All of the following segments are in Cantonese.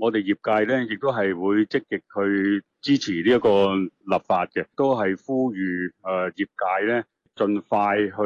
我哋業界咧，亦都係會積極去支持呢一個立法嘅，都係呼籲誒、呃、業界咧，盡快去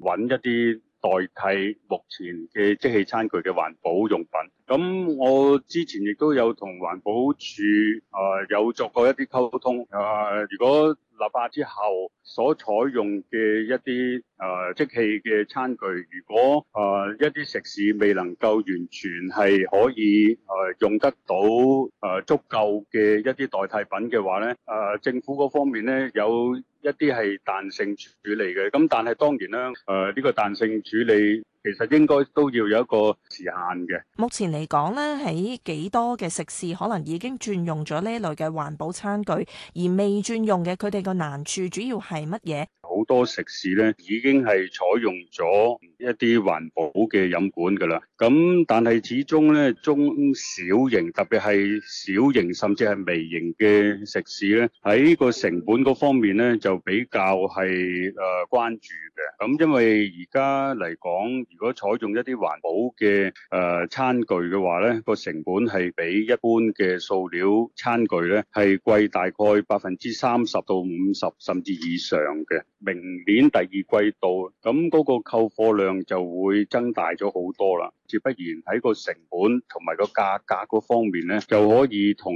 揾一啲代替目前嘅即棄餐具嘅環保用品。咁我之前亦都有同環保署誒、呃、有作過一啲溝通誒、呃，如果立法之後，所採用嘅一啲誒、呃、即棄嘅餐具，如果誒、呃、一啲食肆未能夠完全係可以誒、呃、用得到誒、呃、足夠嘅一啲代替品嘅話咧，誒、呃、政府嗰方面咧，有一啲係彈性處理嘅，咁但係當然啦，誒、呃、呢、這個彈性處理。其實應該都要有一個時限嘅。目前嚟講咧，喺幾多嘅食肆可能已經轉用咗呢一類嘅環保餐具，而未轉用嘅，佢哋個難處主要係乜嘢？好多食肆咧已經係採用咗。一啲環保嘅飲管噶啦，咁但係始終咧中小型，特別係小型甚至係微型嘅食肆咧，喺個成本嗰方面咧就比較係誒、呃、關注嘅。咁因為而家嚟講，如果採用一啲環保嘅誒、呃、餐具嘅話咧，個成本係比一般嘅塑料餐具咧係貴大概百分之三十到五十甚至以上嘅。明年第二季度咁嗰個購貨量。就會增大咗好多啦，至不然喺個成本同埋個價格嗰方面咧，就可以同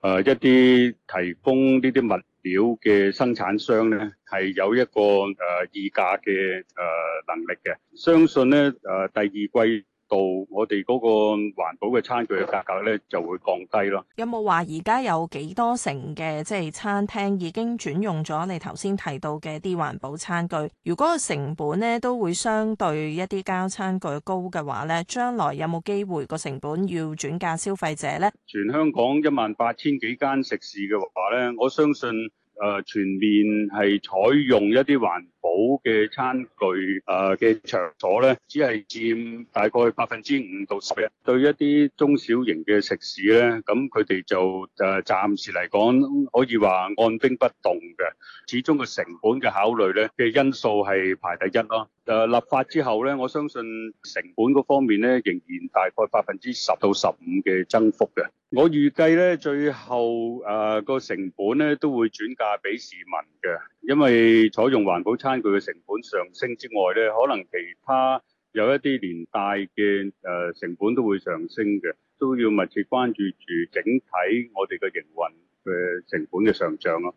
誒一啲提供呢啲物料嘅生產商咧，係有一個誒、呃、議價嘅誒能力嘅。相信咧誒、呃、第二季。到我哋嗰個環保嘅餐具嘅價格咧，就會降低咯。有冇話而家有幾多成嘅，即係餐廳已經轉用咗你頭先提到嘅啲環保餐具？如果個成本咧都會相對一啲膠餐具高嘅話咧，將來有冇機會個成本要轉嫁消費者咧？全香港一萬八千幾間食肆嘅話咧，我相信。誒、呃、全面係採用一啲環保嘅餐具誒嘅、呃、場所咧，只係佔大概百分之五到十。對一啲中小型嘅食肆咧，咁佢哋就誒、呃、暫時嚟講可以話按兵不動嘅。始終個成本嘅考慮咧嘅因素係排第一咯。誒、呃、立法之後咧，我相信成本嗰方面咧仍然大概百分之十到十五嘅增幅嘅。我預計咧，最後誒個成本咧都會轉嫁俾市民嘅，因為採用環保餐具嘅成本上升之外咧，可能其他有一啲連帶嘅誒成本都會上升嘅，都要密切關注住整體我哋嘅營運嘅成本嘅上漲咯。